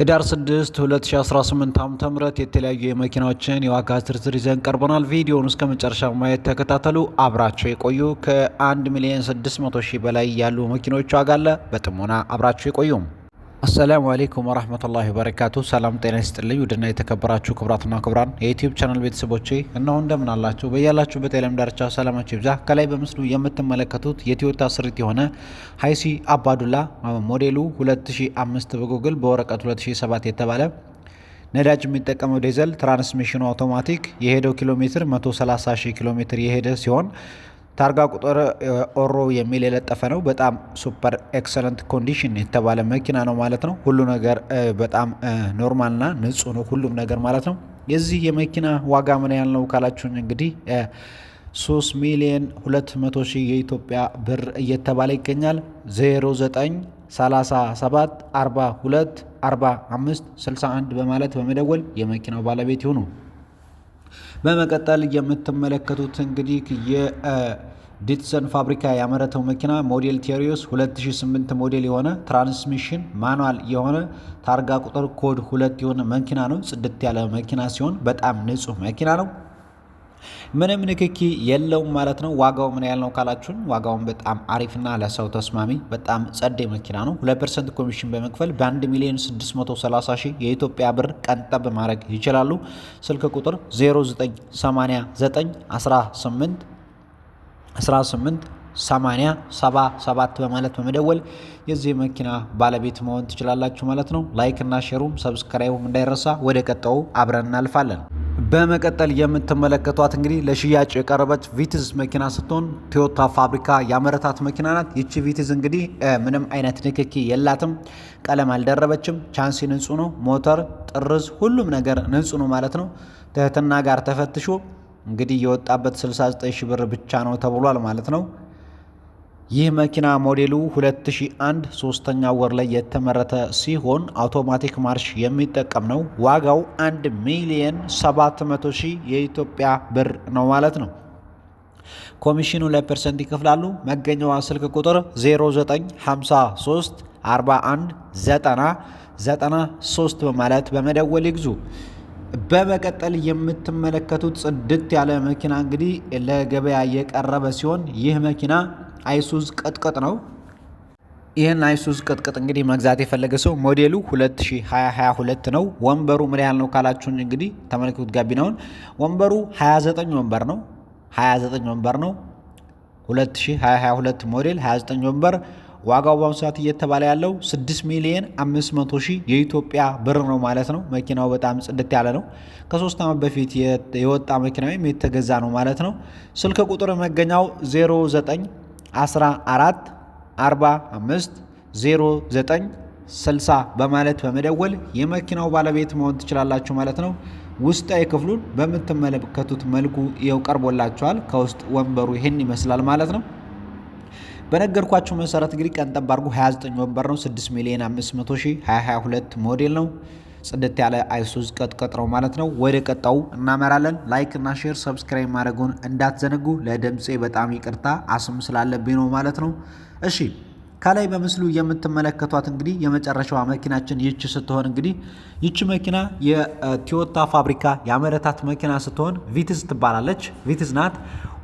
ህዳር 6 2018 ዓ.ም የተለያዩ የመኪናዎችን የዋጋ ዝርዝር ይዘን ቀርበናል። ቪዲዮውን እስከ መጨረሻ ማየት ተከታተሉ፣ አብራቸው የቆዩ። ከ1 ሚሊዮን 600 ሺህ በላይ ያሉ መኪኖች ዋጋ አለ። በጥሞና አብራቸው የቆዩም አሰላሙ አሌይኩም ወረህመቱላሂ ወበረካቱ። ሰላም ጤና ይስጥልኝ። ውድና የተከበራችሁ ክብራትና ክብራን የዩቲዩብ ቻናል ቤተሰቦቼ እነሆ እንደምን አላችሁ? በያላችሁበት የዓለም ዳርቻ ሰላማችሁ ይብዛ። ከላይ በምስሉ የምትመለከቱት የቶዮታ ስሪት የሆነ ሀይሲ አባዱላ ሞዴሉ 2005 በጉግል በወረቀት 2007 የተባለ ነዳጅ የሚጠቀመው ዲዘል ትራንስሚሽኑ አውቶማቲክ የሄደው ኪሎ ሜትር 130 ሺህ ኪሎ ሜትር የሄደ ሲሆን ታርጋ ቁጥር ኦሮ የሚል የለጠፈ ነው። በጣም ሱፐር ኤክሰለንት ኮንዲሽን የተባለ መኪና ነው ማለት ነው። ሁሉ ነገር በጣም ኖርማልና ንጹህ ነው ሁሉም ነገር ማለት ነው። የዚህ የመኪና ዋጋ ምን ያህል ነው ካላችሁኝ እንግዲህ ሶስት ሚሊዮን ሁለት መቶ ሺህ የኢትዮጵያ ብር እየተባለ ይገኛል። ዜሮ ዘጠኝ ሰላሳ ሰባት አርባ ሁለት አርባ አምስት ስልሳ አንድ በማለት በመደወል የመኪናው ባለቤት ይሁኑ። በመቀጠል የምትመለከቱት እንግዲህ የዲትሰን ፋብሪካ ያመረተው መኪና ሞዴል ቴሪዮስ 2008 ሞዴል የሆነ ትራንስሚሽን ማኑዋል የሆነ ታርጋ ቁጥር ኮድ ሁለት የሆነ መኪና ነው። ጽድት ያለ መኪና ሲሆን በጣም ንጹህ መኪና ነው። ምንም ንክኪ የለውም ማለት ነው። ዋጋው ምን ያህል ነው ካላችሁን፣ ዋጋውን በጣም አሪፍና ለሰው ተስማሚ በጣም ጸዴ መኪና ነው። 2 ፐርሰንት ኮሚሽን በመክፈል በ1 ሚሊዮን 630 ሺህ የኢትዮጵያ ብር ቀንጠብ ማድረግ ይችላሉ። ስልክ ቁጥር 098918 18 ሰማኒያ ሰባ ሰባት በማለት በመደወል የዚህ መኪና ባለቤት መሆን ትችላላችሁ ማለት ነው። ላይክ እና ሼሩም ሰብስክራይቡም እንዳይረሳ። ወደ ቀጣው አብረን እናልፋለን። በመቀጠል የምትመለከቷት እንግዲህ ለሽያጭ የቀረበች ቪትዝ መኪና ስትሆን ቶዮታ ፋብሪካ ያመረታት መኪና ናት። ይቺ ቪትዝ እንግዲህ ምንም አይነት ንክኪ የላትም፣ ቀለም አልደረበችም፣ ቻንሲ ንጹህ ነው፣ ሞተር፣ ጥርዝ፣ ሁሉም ነገር ንጹህ ነው ማለት ነው። ትህትና ጋር ተፈትሾ እንግዲህ የወጣበት 69 ሺ ብር ብቻ ነው ተብሏል ማለት ነው። ይህ መኪና ሞዴሉ 2001 ሶስተኛ ወር ላይ የተመረተ ሲሆን አውቶማቲክ ማርሽ የሚጠቀም ነው። ዋጋው 1 ሚሊየን 700 ሺህ የኢትዮጵያ ብር ነው ማለት ነው። ኮሚሽኑ ለፐርሰንት ይከፍላሉ። መገኘዋ ስልክ ቁጥር 0953 41 90 93 በማለት በመደወል ይግዙ። በመቀጠል የምትመለከቱት ጽድት ያለ መኪና እንግዲህ ለገበያ የቀረበ ሲሆን ይህ መኪና አይሱዝ ቅጥቅጥ ነው። ይህን አይሱዝ ቅጥቅጥ እንግዲህ መግዛት የፈለገ ሰው ሞዴሉ 2022 ነው። ወንበሩ ምን ያህል ነው ካላችሁን እንግዲህ ተመልክቱት ጋቢናውን። ወንበሩ 29 ወንበር ነው። 29 ወንበር ነው። 2022 ሞዴል 29 ወንበር ዋጋው በአሁኑ ሰዓት እየተባለ ያለው 6 ሚሊዮን 500 ሺህ የኢትዮጵያ ብር ነው ማለት ነው። መኪናው በጣም ጽድት ያለ ነው። ከሶስት ዓመት በፊት የወጣ መኪና ወይም የተገዛ ነው ማለት ነው። ስልክ ቁጥር መገኛው 09 14 45 09 60 በማለት በመደወል የመኪናው ባለቤት መሆን ትችላላችሁ ማለት ነው። ውስጣዊ ክፍሉን በምትመለከቱት መልኩ ይኸው ቀርቦላችኋል። ከውስጥ ወንበሩ ይህን ይመስላል ማለት ነው። በነገርኳችሁ መሰረት እንግዲህ ቀን 29 ወንበር ነው። 6 ሚሊዮን 500 ሺህ 2022 ሞዴል ነው። ጽድት ያለ አይሱዝ ቀጥቀጥረው ነው ማለት ነው። ወደ ቀጣው እናመራለን። ላይክ እና ሼር ሰብስክራይብ ማድረጉን እንዳትዘነጉ። ለድምፄ በጣም ይቅርታ አስም ስላለብኝ ነው ማለት ነው። እሺ ከላይ በምስሉ የምትመለከቷት እንግዲህ የመጨረሻዋ መኪናችን ይቺ ስትሆን እንግዲህ ይቺ መኪና የቶዮታ ፋብሪካ የአመረታት መኪና ስትሆን ቪትዝ ትባላለች። ቪትዝ ናት።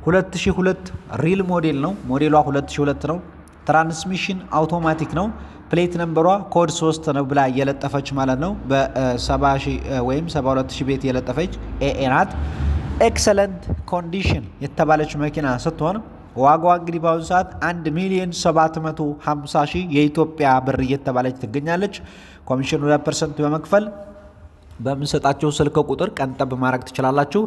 2002 ሪል ሞዴል ነው። ሞዴሏ 2002 ነው። ትራንስሚሽን አውቶማቲክ ነው። ፕሌት ነንበሯ ኮድ 3 ነው ብላ እየለጠፈች ማለት ነው። በ70 ወይም 72 ቤት የለጠፈች ኤኤ ናት። ኤክሰለንት ኮንዲሽን የተባለች መኪና ስትሆን ዋጋዋ እንግዲህ በአሁኑ ሰዓት 1 ሚሊዮን 750 ሺህ የኢትዮጵያ ብር እየተባለች ትገኛለች። ኮሚሽን 2 ፐርሰንት በመክፈል በምንሰጣቸው ስልክ ቁጥር ቀንጠብ ማድረግ ትችላላችሁ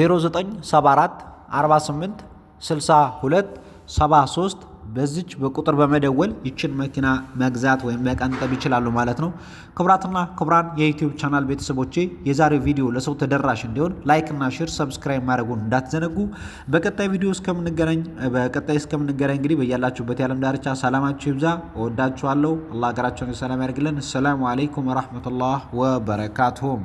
0974 48 62 73 በዚች በቁጥር በመደወል ይችን መኪና መግዛት ወይም መቀንጠብ ይችላሉ ማለት ነው። ክቡራትና ክቡራን የዩቲዩብ ቻናል ቤተሰቦቼ የዛሬው ቪዲዮ ለሰው ተደራሽ እንዲሆን ላይክና ሼር፣ ሰብስክራይብ ማድረጉን እንዳትዘነጉ። በቀጣይ ቪዲዮ እስከምንገናኝ በቀጣይ እስከምንገናኝ እንግዲህ በያላችሁበት የዓለም ዳርቻ ሰላማችሁ ይብዛ። እወዳችኋለሁ። አላህ ሀገራቸውን ሰላም ያደርግልን። ሰላሙ አለይኩም ወረህመቱላህ ወበረካቱሁም